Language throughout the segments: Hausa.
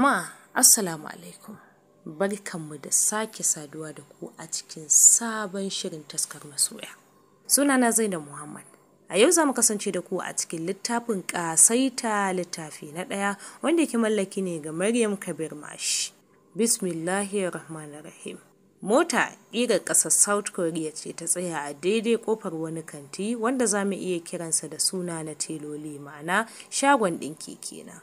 Jama'a, Assalamu alaikum. Barkanmu da sake saduwa da ku a cikin sabon shirin taskar masoya. Sunana Zainab Muhammad. A yau za mu kasance da ku a cikin littafin ƙasaita littafi na ɗaya wanda ki mallaki ne ga Maryam Kabir Mashi. rahim. Mota ƙirar ƙasar South Korea ce ta tsaya a daidai ƙofar wani kanti wanda za mu iya kiransa da suna na teloli ma'ana shagon ɗinki kenan.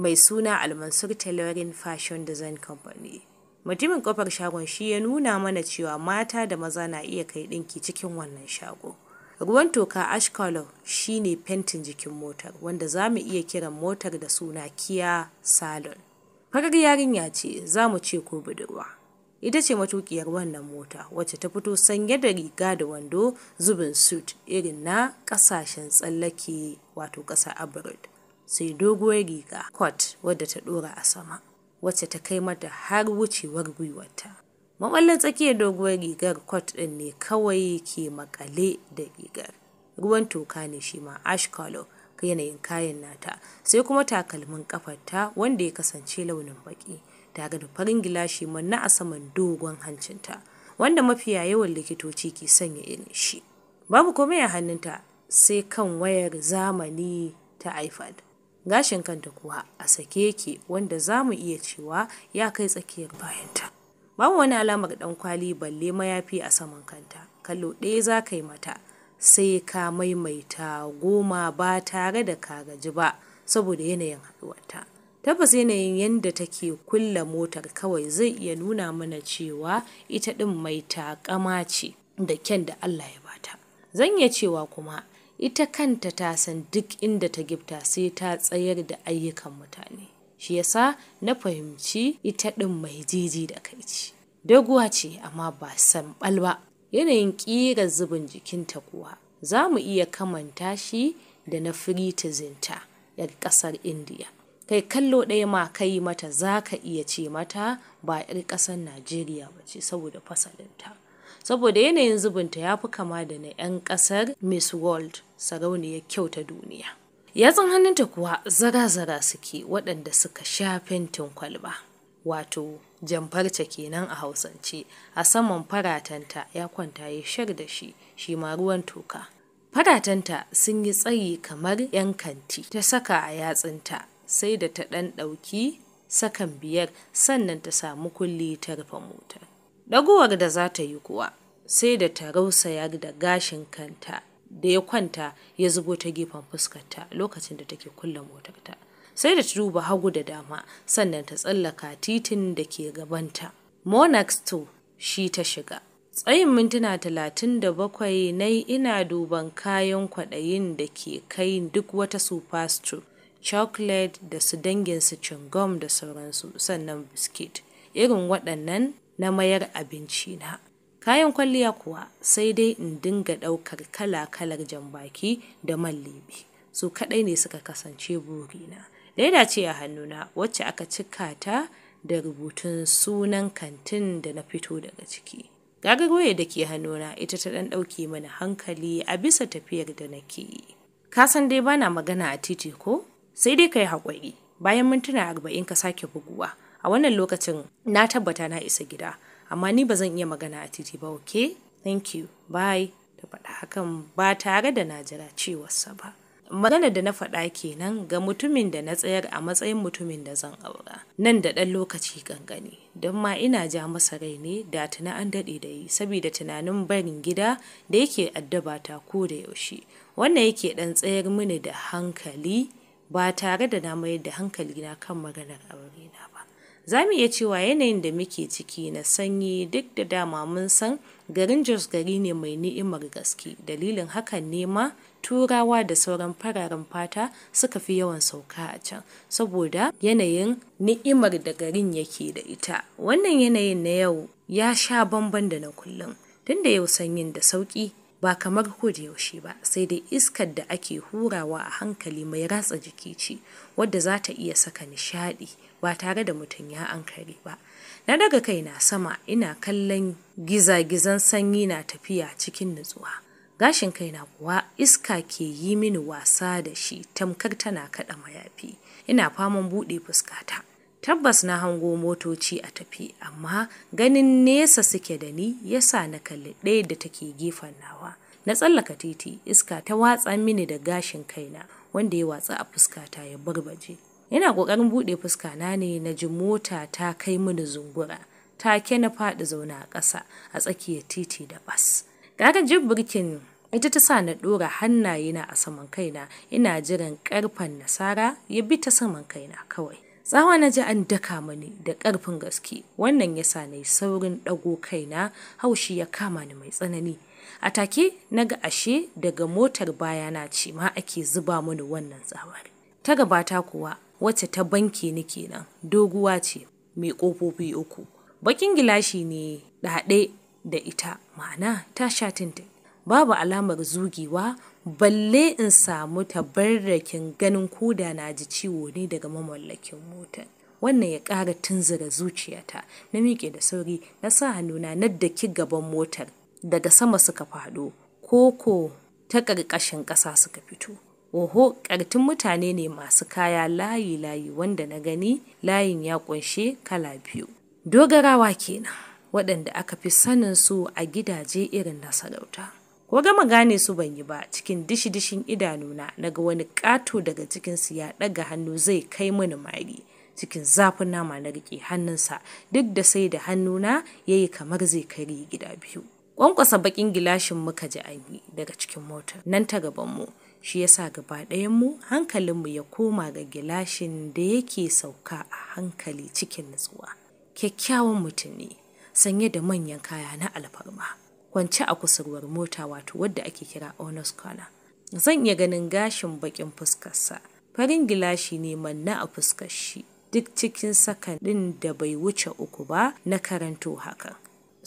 mai suna Almansur Tailoring Fashion Design Company. Mutumin kofar shagon shi ya nuna mana cewa mata da maza na iya kai ɗinki cikin wannan shago. Ruwan toka ash color shi ne fentin jikin motar wanda za mu iya kiran motar da suna Kia Salon. Farar yarinya ce za mu ce ko budurwa. Ita ce matukiyar wannan mota wacce ta fito sanye da riga da wando zubin suit irin na kasashen tsallake wato ƙasar Abroad. sai doguwar riga kwat wadda ta ɗora a sama wacce ta kai mata har wucewar gwiwarta. Mamallin tsakiyar doguwar rigar kwat ɗin ne kawai ke makale da rigar. Ruwan toka ne shi ma ash color yanayin kayan nata sai kuma takalmin kafarta wanda ya kasance launin baki tare da farin gilashi manna a saman dogon hancinta wanda mafiya yawan likitoci ke sanya irin shi. Babu komai a hannunta sai kan wayar zamani ta iPad. gashin kanta kuwa a sake yake wanda za mu iya cewa ya kai tsakiyar bayanta. Babu wani alamar dan kwali balle mayafi a saman kanta, kallo ɗaya za ka yi mata sai ka maimaita goma ba tare da ka gaji ba saboda yanayin haɗuwarta. Tabbas yanayin yadda take kulla motar kawai zai iya nuna mana cewa ita ɗin mai takama ce da kyan da Allah ya bata. Zan iya cewa kuma ita kanta ta san duk inda ta gifta sai ta tsayar da ayyukan mutane shi yasa na fahimci ita ɗin mai jiji da kai ce doguwa ce amma ba sanɓal ba yanayin ƙira zubin jikinta kuwa za mu iya kamanta shi da na firitizinta ‘yar ƙasar indiya kai kallo ɗaya ma kai mata za ka iya ce mata ba ‘yar ƙasar najeriya ba ce saboda fasalinta saboda yanayin zubinta ya fi kama da na 'yan ƙasar Miss World sarauniyar kyau ta duniya. Yatsun hannunta kuwa zara-zara suke waɗanda suka sha fentin kwalba. Wato, jamfarta kenan a Hausance, a saman faratanta ya kwanta ya shar da shi, shi ma ruwan toka. Faratanta sun yi tsayi kamar 'yan kanti, ta saka a yatsunta, sai da ta ɗan ɗauki sakan biyar sannan ta samu kulli ta rufe motar. Ɗaguwar da za ta yi kuwa sai da ta rausaya da gashin kanta da ya kwanta ya zubo ta gefen fuskarta lokacin da take kulle motarta. Sai da ta duba hagu da dama sannan ta tsallaka titin da ke gabanta. Monax 2 shi ta shiga. Tsayin mintuna talatin da bakwai na ina duban kayan kwaɗayin da ke kai duk wata superstore, chocolate da su dangin su cingom da sauransu sannan biskit. Irin waɗannan na mayar abinci na. Kayan kwalliya kuwa sai dai in dinga ɗaukar kala-kalar jan baki da man liɓi. Su kaɗai ne suka kasance burina. laida ce a hannuna wacce aka cika ta da rubutun sunan kantin da na fito daga ciki. gagarwoye da ke hannuna ita ta ɗan ɗauke mana hankali a bisa tafiyar da nake yi. kasan dai bana magana a titi ko? Sai dai ka yi haƙuri. Bayan mintuna arba'in ka sake buguwa. a wannan lokacin na tabbata na isa gida amma ni ba zan iya magana a titi ba ok thank you bye ta faɗa hakan ba tare da na jira sa ba maganar da na faɗa kenan ga mutumin da na tsayar a matsayin mutumin da zan aura nan da ɗan lokaci kankani don ma ina ja masa rai ne da tuna an daɗe da yi saboda tunanin barin gida da yake addaba ta ko da yaushe wannan yake ɗan tsayar mini da hankali ba tare da na mayar da hankali na kan maganar aure na ba za mu iya cewa yanayin da muke ciki na sanyi duk da dama mun san garin jos gari ne mai ni'imar gaske dalilin hakan ne ma turawa da sauran fararen fata suka fi yawan sauka a can saboda yanayin ni'imar da garin yake da ita wannan yanayin na yau ya sha bamban da na kullum tunda yau sanyin da sauki ba kamar yaushe ba sai dai iskar da ake hurawa a hankali mai ratsa jiki ce wadda za ta iya saka nishaɗi ba tare da mutum ya ankare ba. Na daga kai na sama ina kallon gizagizan sanyi na tafiya cikin nutsuwa. Gashin kai na kuwa iska ke yi mini wasa da shi tamkar tana kaɗa mayafi. Ina faman buɗe fuskata. Tabbas na hango motoci a tafi, amma ganin nesa suke da ni yasa na kalli ɗaya da take gefen nawa. Na tsallaka titi, iska ta watsa mini da gashin kaina wanda ya watsa a fuskata ya barbaje. Yana ƙoƙarin buɗe fuska na ne na ji mota ta kai mini zungura. ta Take na faɗi zauna a ƙasa a tsakiyar titi da bas. Garin jin birkin ita ta sa na ɗora hannayena a saman kaina ina jiran ƙarfen nasara ya bi ta saman kaina kawai. Tsawa na ji an daka mani da ƙarfin gaske wannan ya sa saurin ɗago kaina haushi ya kama ni mai tsanani. A take na ga ashe daga motar bayana ce ma ake zuba mani wannan tsawar. Ta gabata kuwa wacce ta banki ni kenan doguwa ce mai ƙofofi uku bakin gilashi ne haɗe da ita ma'ana ta sha tintin babu alamar zugewa balle in samu tabarrakin ganin koda na ji ciwo ne daga mamallakin motar wannan ya ƙara tunzura zuciyata na miƙe da sauri na sa hannuna na daki gaban motar daga sama suka faɗo koko ta ƙarƙashin ƙasa suka fito Oho, ƙartin mutane ne masu kaya layi-layi wanda na gani layin ya ƙunshe kala biyu. Dogarawa kenan, waɗanda aka fi sanin su a gidaje irin na sarauta. Ko gama gane su ban yi ba cikin dishi-dishin idanuna na ga wani ƙato daga cikinsu ya ɗaga hannu zai kai mini mari. Cikin zafin nama na riƙe hannunsa duk da sai da hannuna ya yi kamar zai kari gida biyu. Ƙwanƙwasa baƙin gilashin muka ji an yi daga cikin motar nan ta gabanmu. shi yasa gaba mu hankalinmu ya koma ga gilashin da yake sauka a hankali cikin nutsuwa kyakkyawan mutum ne sanye da manyan kaya na alfarma kwance a kusurwar mota wato wadda ake kira honest corner zan iya ganin gashin bakin fuskarsa farin gilashi ne manna a fuskar shi duk cikin sakan da bai wuce uku ba na karanto hakan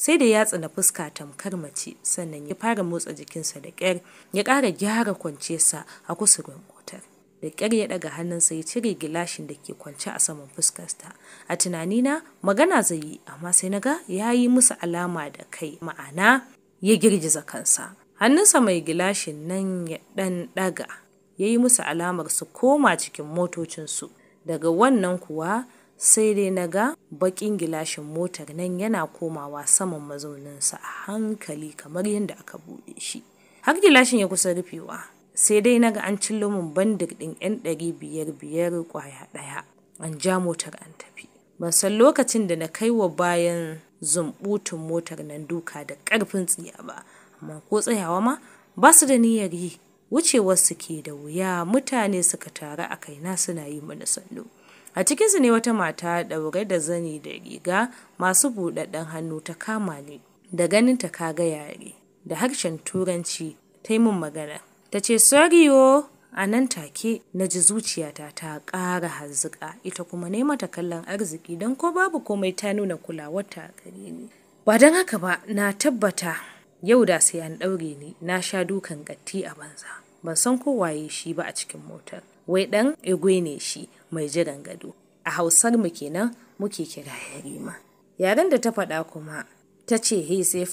sai da ya tsina fuska tamkar mace sannan ya fara motsa jikinsa da ƙyar ya ƙara gyara sa a kusurin motar da ƙyar ya ɗaga hannunsa ya cire gilashin da ke kwance a saman fuskarsa a tunanina magana zai yi amma sai na ga ya yi musu alama da kai ma'ana ya girgiza kansa hannunsa mai gilashin nan ya ɗan ɗaga ya yi musu alamar su koma cikin motocinsu daga wannan kuwa sai dai na ga baƙin gilashin motar nan yana komawa saman mazauninsa a hankali kamar yadda aka buɗe shi har gilashin ya kusa rufewa sai dai na ga an cillo min bandir ɗin 'yan ɗari biyar biyar ƙwaya ɗaya an ja motar an tafi ban san lokacin da na kai wa bayan zumbutun motar nan duka da ƙarfin tsiya ba amma ko tsayawa ma ba su da niyyar yi wucewar su ke da wuya mutane suka taru a kaina suna yi mana sallo a cikinsu ne wata mata ɗaure da zani da riga masu buɗaɗɗen hannu ta kama ni da ganin ta ga yare da harshen turanci ta yi min magana ta ce soriyo a nan take na ji zuciyata ta ƙara hazzika ita kuma ne mata kallon arziki don ko babu komai ta nuna kulawarta gare ni ba don haka ba na tabbata yau da sai an ɗaure ni na sha dukan gatti a banza ban san ko shi ba a cikin motar wai ɗan egwe ne shi mai jiran gado a hausar mu kenan muke kira yarima yaren da ta faɗa kuma ta ce he sai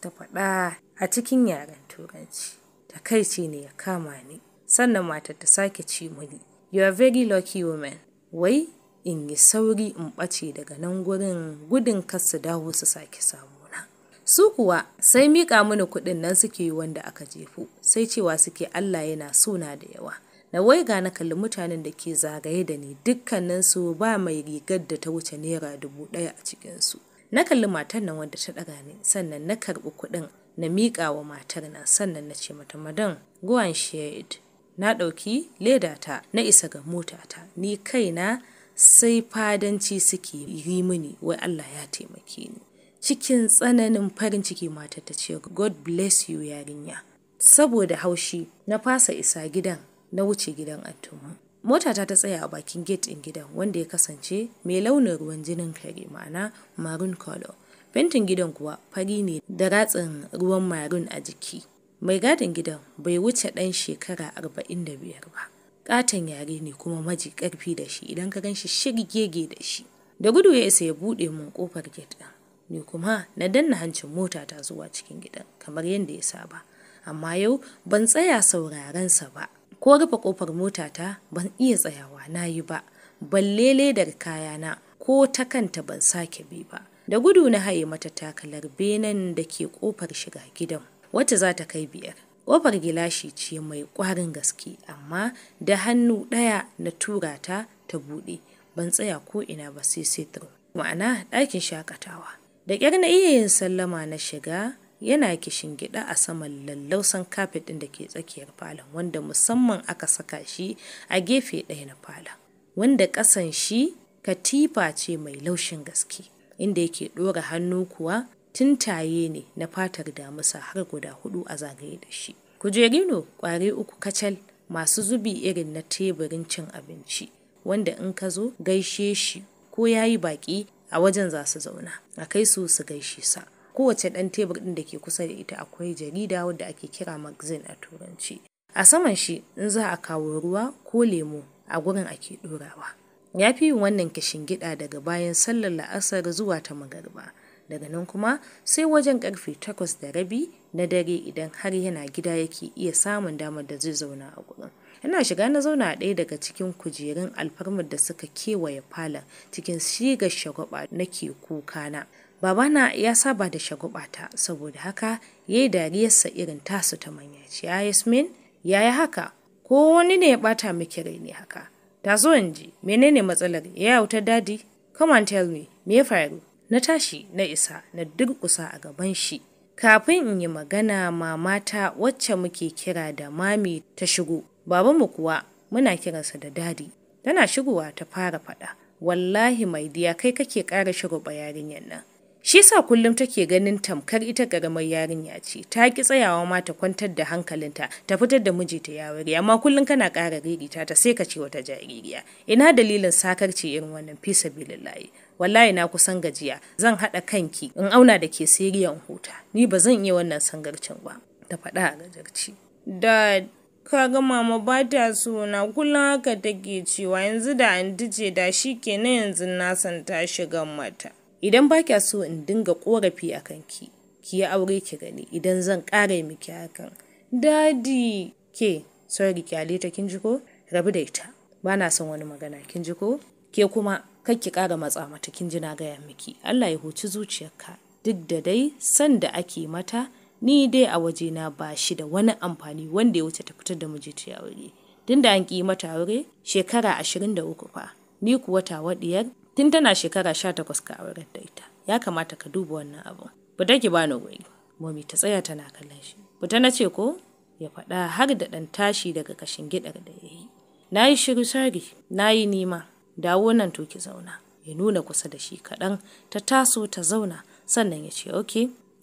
ta faɗa a cikin yaren turanci ta kai ce ne ya kama ni sannan matar ta sake ce muni you are very lucky woman wai in yi sauri in ɓace daga nan gurin gudun kar su dawo su sake samu na su kuwa sai miƙa mini kuɗin nan suke yi wanda aka jefu, sai cewa suke Allah yana suna da yawa na waiga na kalli mutanen da ke zagaye da ni dukkaninsu ba mai rigar da ta wuce naira dubu ɗaya a cikinsu na kalli matar nan wanda ta ɗaga ni sannan na karbi kuɗin na miƙa wa matar nan sannan na ce mata madan go and share it na ɗauki ledata na isa ga motata ni kaina sai fadanci suke yi mini wai Allah ya taimake ni cikin tsananin farin ciki matar ta ce God bless you yarinya saboda haushi na fasa isa gidan na wuce gidan Atuma. Mota ta tsaya a bakin gate din gidan wanda ya kasance mai launin ruwan jinin kare ma'ana maroon color. Fentin gidan kuwa fari ne da ratsin ruwan maroon a jiki. Mai gadin gidan bai wuce ɗan shekara arba'in da biyar ba. katon yare ne kuma maji ƙarfi da shi idan ka gan shirgege da shi. Da gudu ya isa ya buɗe mun ƙofar gate ɗin. Ni kuma na danna hancin mota ta zuwa cikin gidan kamar yadda ya saba. Amma yau ban tsaya saurarensa ba. ko rufe kofar motata ban iya tsayawa na yi ba ballele ledar kayana ko ta kanta ban sake bi ba da gudu na haye mata takalar benen da ke kofar shiga gidan Wata za ta kai biyar kofar gilashi ce mai kwarin gaske amma da hannu ɗaya na tura ta ta buɗe ban tsaya ko ina ba sai sai ma'ana ɗakin shakatawa da ƙyar na iya yin sallama na shiga yana kishin gyaɗa a saman lallausan kafet ɗin da ke tsakiyar falon wanda musamman aka saka shi a gefe ɗaya na falon wanda ƙasan shi katifa ce mai laushin gaske inda yake ɗora hannu kuwa Tintaye ne na fatar damusa har guda hudu a zagaye da shi kujerino ƙwari uku kacal masu zubi irin na teburin cin abinci wanda in ka zo gaishe shi ko ya yi baƙi a wajen za su zauna a kai su su gaishe sa kowace ɗan tebur ɗin da ke kusa da ita akwai jarida wadda ake kira magazine a turanci a saman shi in za a kawo ruwa ko lemo a gurin ake ɗorawa ya fi yin wannan kishin gida daga bayan sallar la'asar zuwa ta magarba daga nan kuma sai wajen karfe takwas da rabi na dare idan har yana gida yake iya samun damar da zai zauna a gurin Ina shiga na zauna a ɗaya daga cikin kujerun alfarmar da suka kewaye falon cikin shigar shagwaba nake kuka na Babana ya saba da shagubata saboda haka ya yi dariyarsa irin tasu ta manya ce, ya Yasmin, ya yi haka, ko wani ne ya ɓata miki rai ne haka. Ta zo in ji, menene matsalar ya wutar dadi? Come and tell me, me ya faru? Na tashi, na isa, na durƙusa a gaban shi. Kafin in yi magana mamata wacce muke kira da mami ta shigo, babanmu kuwa muna kiransa da dadi. Tana shigowa ta fara faɗa, wallahi mai diya kai kake ƙara shigo yarinyar nan. Shi sa kullum take ganin tamkar ita karamar yarinya ce, ta ki tsayawa ma ta kwantar da hankalinta, ta fitar da miji ta yawari, amma kullum kana kara ririta ta sai ka ce wata jaririya. Ina dalilin ce irin wannan fi sabilillahi. wallahi na kusan gajiya zan haɗa kanki in auna da ke siriyan huta ni ba zan iya wannan sangarcin ba ta faɗa a gajarci da ga mama ba ta so na kullum haka take cewa yanzu da an ce da shi kenan yanzu na san ta shiga mata idan ba kya so in dinga korafi a kanki ki yi aure ki gani idan zan ƙara miki hakan dadi ke sorry kyale ta kin ji ko rabu da ita ba na son wani magana kin ji ko ke kuma kar ki ƙara matsa mata kin ji na gaya miki Allah ya huci zuciyarka duk da dai san da ake mata ni dai a wajena ba shi da wani amfani wanda ya wuce ta fitar da miji ta aure tun da an ƙi mata aure shekara ashirin da uku fa ni kuwa tawa diyar tun tana shekara sha takwas ka aurar da ita ya kamata ka duba wannan abin ta ki bani wuri momi ta tsaya tana kallon shi bu na ce ko ya faɗa har da ɗan tashi daga kashin gidar da ya yi na yi shiru sari na yi nima dawo nan to ki zauna ya nuna kusa da shi kaɗan ta taso ta zauna sannan ya ce ok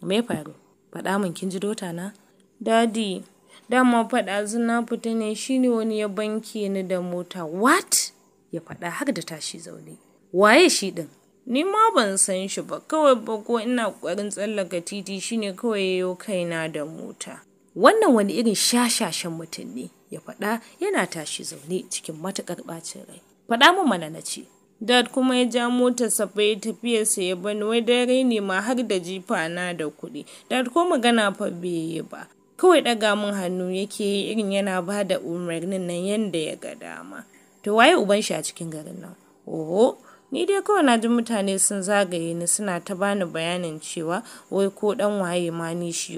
me faru faɗa min kin ji dota na dadi dama faɗa zina fita ne shine wani ya banke ni da mota Wat? ya faɗa har da tashi zaune waye shi din ni ma ban san shi ba kawai ba ko ina ƙoƙarin tsallaka titi shine kawai yayo kaina da mota wannan wani irin shashashen mutum ne ya faɗa yana tashi zaune cikin matuƙar ɓacin rai faɗa min mana na ce dad kuma ya ja mota Safa ya tafiyarsa ya bani wai dare ne ma har da jifa na da kuɗi dad ko magana fa bai yi ba kawai ɗaga min hannu yake yi irin yana ba da umarnin nan yanda ya ga dama to waye uban shi a cikin garin nan oho Ni dai kawai na ji mutane sun zagaye ni suna ta bani bayanin cewa wai ko dan waye ma ni shi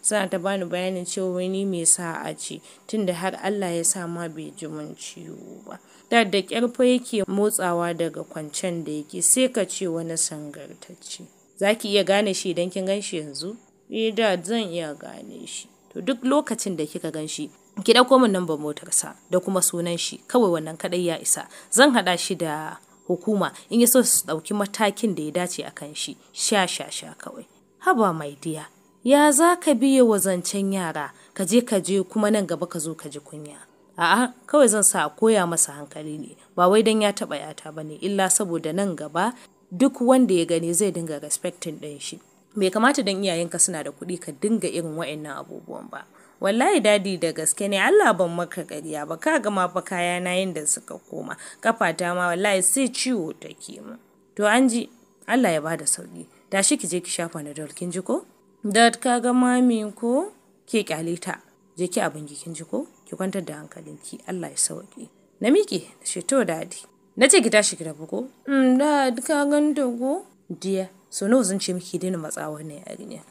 suna ta bani bayanin cewa wai ni mai sa'a ce tunda har Allah ya sa ma bai ji mun ciwo ba. Da da kyarfa yake motsawa daga kwancen da yake sai ka ce wani sangartacce. zaki iya gane shi idan kin gan shi yanzu? Eh da zan iya gane shi. To duk lokacin da kika gan shi ki ɗauko min number motarsa da kuma sunan shi kawai wannan kaɗai ya isa zan haɗa shi da hukuma in ya so su ɗauki matakin da ya dace a kan shi sha sha sha kawai haba mai diya ya za ka biye wa zancen yara ka je ka je kuma nan gaba ka zo ka ji kunya a'a kawai zan sa a koya masa hankali ne ba wai don ya taɓa yata ba ne illa saboda nan gaba duk wanda ya gani zai dinga respecting ɗin shi bai kamata don iyayenka suna da kuɗi ka dinga irin wa'annan abubuwan ba wallahi dadi da gaske ne Allah ban maka ƙarya ba ka gama ma fa kaya na yanda suka koma kafata ma wallahi sai ciwo take mu to an ji Allah ya bada sauki tashi ki je ki shafa na dol kin ji ko dad ka ga mami ko ke kyale ta je ki abin kin ji ko ki kwantar da hankalinki Allah ya sauki na miƙe da shi to dadi na ce ki tashi ki rabu ko mm dad ka ganta ko diya so nawa zan ce miki daina matsawar ne yarinya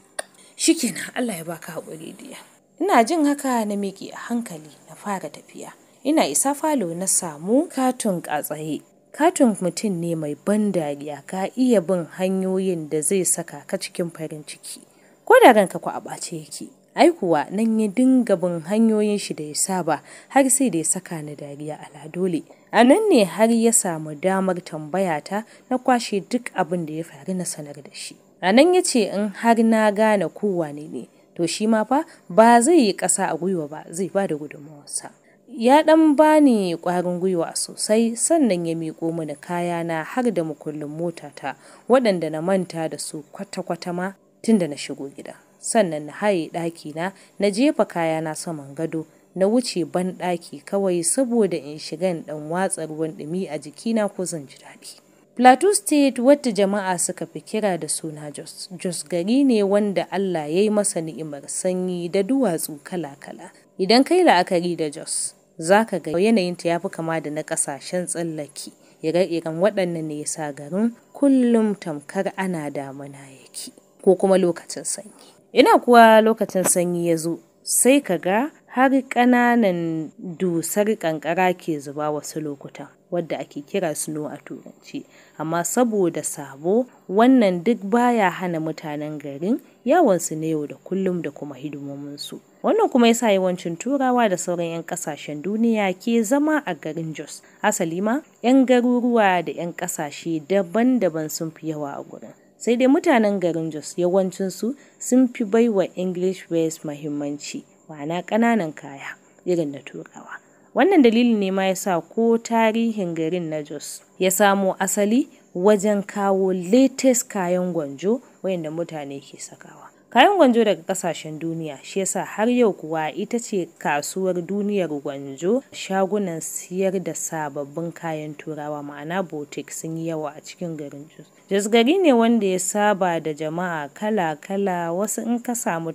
shikenan Allah ya baka haƙuri diya ina jin haka na miƙe a hankali na fara tafiya ina isa falo na samu katon katsaye katon mutum ne mai ban dariya ka iya bin hanyoyin da zai saka ka cikin farin ciki ko da ranka ku a ɓace yake ai kuwa nan ya dinga bin hanyoyin shi da ya saba har sai da ya saka ni dariya ala dole a nan ne har ya samu damar tambaya ta na kwashe duk abin da ya faru na sanar da shi a nan ya ce in har na gane kowane ne to shi ma fa ba zai yi ƙasa a gwiwa ba zai ba da gudunmawarsa ya ɗan bani ƙwarin gwiwa sosai sannan ya miƙo mini kayana har da mukullin motata waɗanda na manta da su kwata-kwata ma tun da na shigo gida sannan na haye ɗakina na jefa kayana saman gado na wuce ban ɗaki kawai saboda in shigan ɗan watsa ruwan ɗumi a jikina ko zan ji daɗi. Plateau State wata jama'a suka fi kira da suna Jos. Jos gari ne wanda Allah ya yi masa ni'imar sanyi da duwatsu kala-kala. Idan kai la'akari da Jos, za ka ga yanayinta ya fi kama da na ƙasashen tsallaki. Ire-iren waɗannan ne sa garin kullum tamkar ana damuna yake ko kuma lokacin sanyi. Ina kuwa lokacin sanyi ya zo, sai ka ga har ƙananan dusar ƙanƙara ke zuba wasu lokutan. wadda ake kira snow a turanci amma saboda sabo wannan duk baya hana mutanen garin yawansu na yau da kullum da kuma hidimominsu wannan kuma yasa yawancin turawa da sauran 'yan kasashen duniya ke zama a garin jos asali ma 'yan garuruwa da 'yan kasashe daban-daban sun fi yawa a gurin sai dai mutanen garin jos yawancinsu sun fi baiwa english west mahimmanci ma'ana ƙananan kaya irin na turawa Wannan dalilin ne ma ya sa ko tarihin garin na Jos ya samo asali wajen kawo latest kayan gwanjo wayanda mutane ke sakawa. Kayan gwanjo daga kasashen duniya shi yasa har yau kuwa ita ce kasuwar duniyar gwanjo shagunan siyar da sababbin kayan turawa ma'ana botik sun yi yawa a cikin garin Jos. Jos gari ne wanda ya saba da jama'a kala-kala wasu in ka samu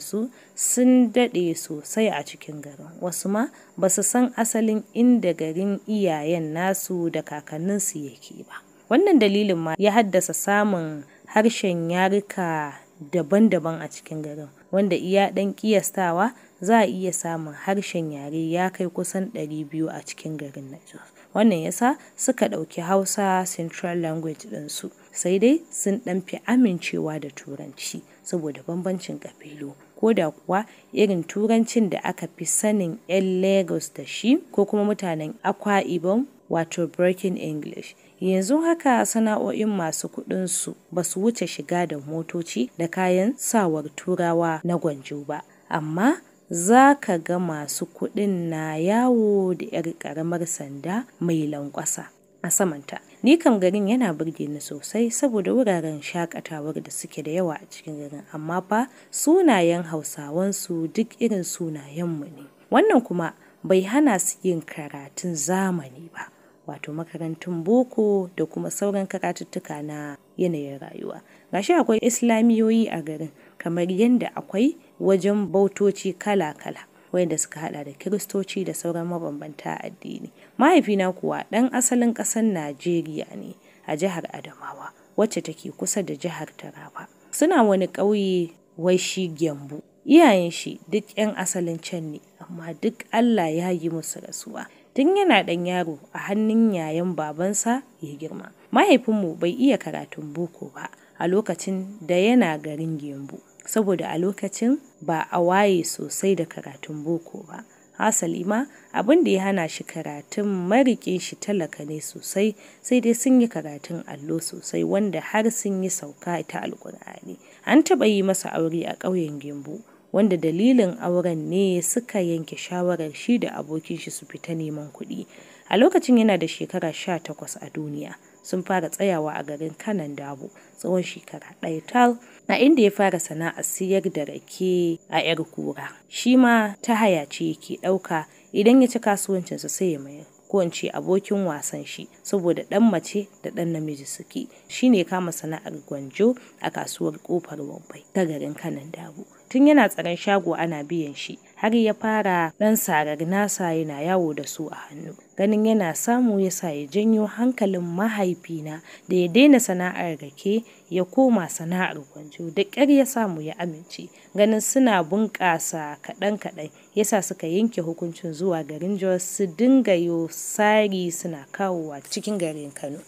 su sun daɗe sosai a cikin garin wasu ma ba su san asalin inda garin iyayen nasu da kakanninsu yake ba. Wannan dalilin ma ya haddasa samun harshen yarika daban-daban a cikin garin, wanda iya ɗan ƙiyastawa za a iya samun harshen yare ya kai kusan 200 a cikin garin na Jos. Wannan ya suka ɗauki Hausa Central Language ɗinsu, sai dai sun ɗan fi amincewa da Turanci saboda bambancin ƙabilu. ko da kuwa irin turancin da aka fi sanin 'yan Lagos da shi ko kuma mutanen Akwa Ibom wato Breaking English yanzu haka sana'o'in masu kuɗinsu ba su wuce shiga da motoci da kayan sawar turawa na gwanjo ba amma za ka ga masu kuɗin na yawo da 'yar ƙaramar sanda mai lankwasa a samanta ni kam garin yana burge ni sosai saboda wuraren shakatawar da suke da yawa a cikin garin amma fa sunayen hausawansu duk irin sunayenmu ne wannan kuma bai hana su yin karatun zamani ba wato makarantun boko da kuma sauran karatuttuka na yanayin rayuwa gashi akwai islamiyoyi a garin kamar yadda akwai wajen bautoci kala-kala wanda suka hada da kiristoci da sauran mabambanta addini mahaifina kuwa dan asalin ƙasan najeriya ne a jihar adamawa wacce take kusa da jihar taraba suna wani ƙauye wai shi gyambu iyayen shi duk 'yan asalin can ne amma duk allah ya yi musu rasuwa tun yana ɗan yaro a hannun yayan babansa ya girma. Mahaifinmu bai iya karatun boko ba a lokacin da yana garin Gembu, saboda a lokacin ba a waye sosai da karatun boko ba. Hasali ma abin da ya hana shi karatun marikin shi talaka ne sosai sai dai sun yi karatun allo sosai wanda har sun yi sauka ta alƙur'ani. An taɓa yi masa aure a ƙauyen Gembu wanda dalilin auren ne suka yanke shawarar shi da abokin shi su fita neman kuɗi. A lokacin yana da shekara takwas a duniya. Sun fara tsayawa a garin Kanan Dabo tsawon shekara ɗaya tal, na inda ya fara sana'a siyar da rake a 'yar kura. Shi ma ta haya yake ɗauka idan ya ci kasuwancinsa sai ya mayar. ko in abokin wasan shi saboda ɗan mace da ɗan namiji suke shine kama sana'ar gwanjo a kasuwar ƙofar wambai ta garin kanan dabo tun yana tsaron shago ana biyan shi har ya fara ɗan sarar nasa yana yawo da su a hannu ganin yana samu ya sa ya janyo hankalin mahaifina da ya daina sana'ar rake ya koma sana'ar gwanjo da ƙyar ya samu ya amince ganin suna bunƙasa kaɗan-kaɗan yasa suka yanke hukuncin zuwa garin jos su dinga yo sari suna kawowa cikin garin kano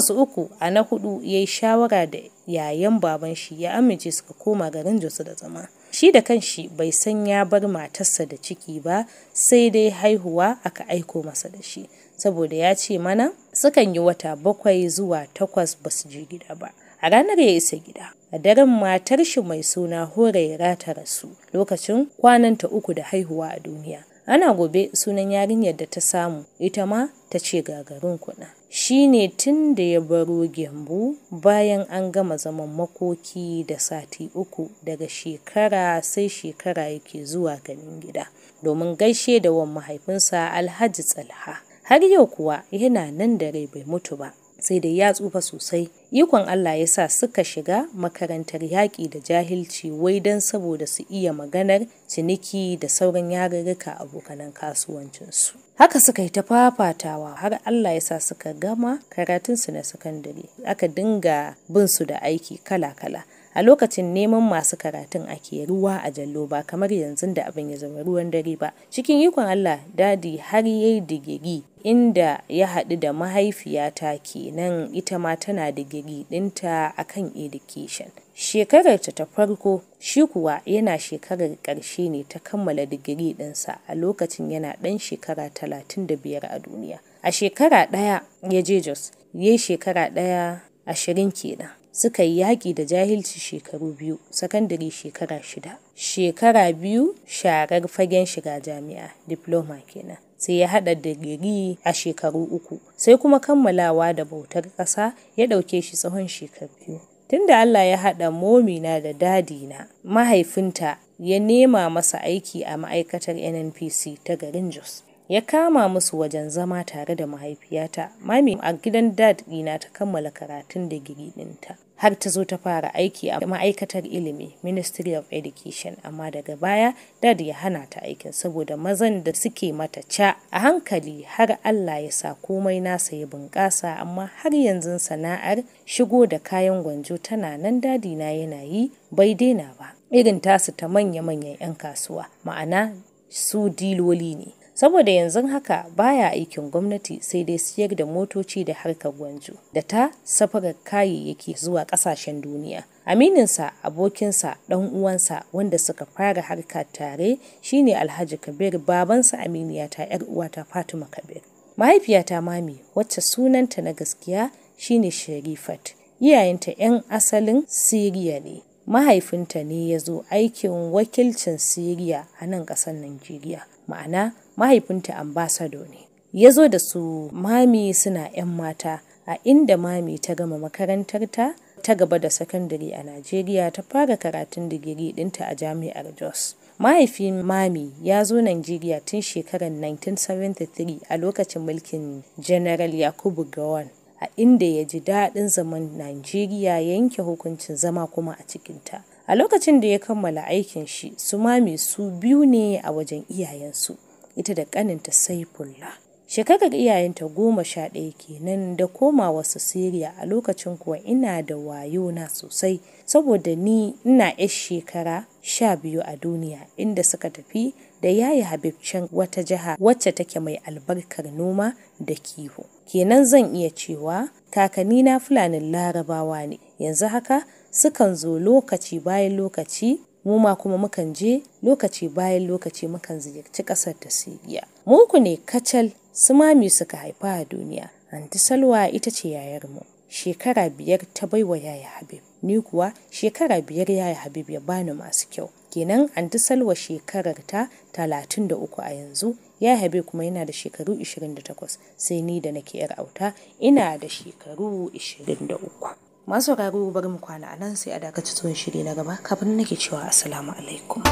su uku a na hudu ya yi shawara da yayan baban shi ya amince suka koma garin jos da zama shi da kanshi bai san ya bar matarsa da ciki ba sai dai haihuwa aka aiko masa da shi saboda ya ce mana sukan yi wata bakwai zuwa takwas ba su je gida ba a ranar ya isa gida a daren matar shi mai suna horaira ta rasu lokacin kwanan ta uku da haihuwa a duniya ana gobe sunan yarinyar da ta samu ita ma ta ce gagarin kuna shi ne tun da ya baro Gembu bayan an gama zaman makoki da sati uku daga shekara sai shekara yake zuwa ganin gida domin gaishe da wan mahaifinsa Alhaji Tsalha. Har yau kuwa yana nan da rai bai mutu ba, sai dai ya tsufa sosai ikon Allah ya sa suka shiga makarantar yaƙi da jahilci wai don saboda su iya maganar ciniki da sauran yarurruka abokanan kasuwancinsu haka suka yi ta fafatawa har Allah ya sa suka gama karatunsu na sakandare aka dinga bin su da aiki kala-kala A lokacin neman masu karatun ake ruwa a jallo ba kamar yanzu da abin ya zama ruwan dare ba. Cikin ikon Allah, Dadi har ya yi digiri inda ya haɗu da mahaifiyata kenan ita ma tana digiri ɗinta a kan education. Shekararta ta farko, shi kuwa yana shekarar ƙarshe ne ta kammala digiri ɗinsa a lokacin yana ɗan shekara talatin da biyar a duniya. A shekara ɗaya ya je Jos, ya shekara ɗaya ashirin kenan. suka yi yaƙi da jahilci shekaru biyu sakandare shekara shida shekara biyu sharar fagen shiga jami'a diploma kenan sai ya haɗa digiri a shekaru uku sai kuma kammalawa da bautar ƙasa ya ɗauke shi tsawon shekaru biyu tunda Allah ya haɗa momina da dadina mahaifinta ya nema masa aiki a ma'aikatar nnpc ta garin jos ya kama musu wajen zama tare da mahaifiyata mami a gidan dad ɗina ta kammala karatun digiri ɗinta har ta zo ta fara aiki a ma'aikatar ilimi ministry of education amma daga baya dad ya hana ta aikin saboda mazan da suke mata ca a hankali har allah ya sa komai nasa ya bunƙasa amma har yanzu sana'ar shigo da kayan gwanjo tana nan dadina yana yi bai daina ba irin tasu ta manya-manyan 'yan kasuwa ma'ana su diloli ne saboda yanzu haka baya aikin gwamnati sai dai siyar da motoci da harkar gwanjo da ta safarar kayayyaki zuwa kasashen duniya amininsa abokinsa ɗan uwansa wanda suka fara harka tare shine alhaji kabir babansa aminiyata yar uwata fatima kabir mahaifiyata mami wacce sunanta na gaskiya shine Sherifat. iyayenta 'yan asalin siriya ne mahaifinta ne ya zo aikin wakilcin siriya a nan ƙasar najeriya ma'ana mahaifinta ambasado ne ya zo da su mami suna 'yan mata a inda mami ta gama makarantarta ta gaba da sakandare a najeriya ta fara karatun digiri dinta a jami'ar jos mahaifin mami ya zo najeriya tun shekarar 1973 a lokacin mulkin general yakubu gawan a inda ya ji daɗin zaman najeriya yanke hukuncin zama kuma a cikinta a lokacin da ya kammala aikin shi su mami su biyu ne a wajen iyayensu ita da ƙaninta saifulla Shekarar iyayenta goma sha ɗaya kenan da komawa su Siriya a lokacin kuwa ina da wayo na sosai saboda ni ina 'yar shekara sha biyu a duniya inda suka tafi da yayi habibcin wata jiha wacce take mai albarkar noma da kiwo. Kenan zan iya cewa kakanni na Fulanin Larabawa ne yanzu haka sukan zo lokaci bayan lokaci mu ma kuma mukan je lokaci bayan lokaci mukan ziyarci ƙasar ta Siriya. Mu ne kacal su mami suka haifa a duniya, Anti Salwa ita ce yayar mu Shekara biyar ta baiwa yaya Habib, ni kuwa shekara biyar yaya Habib ya bani masu kyau. Kenan Anti Salwa shekarar ta talatin da uku a yanzu, Ya Habib kuma yana da shekaru 28 sai ni da nake yar auta ina da shekaru uku masu sauraro bari mu kwana nan sai a dakaci tsohon shiri na gaba kafin nake cewa asalamu alaikum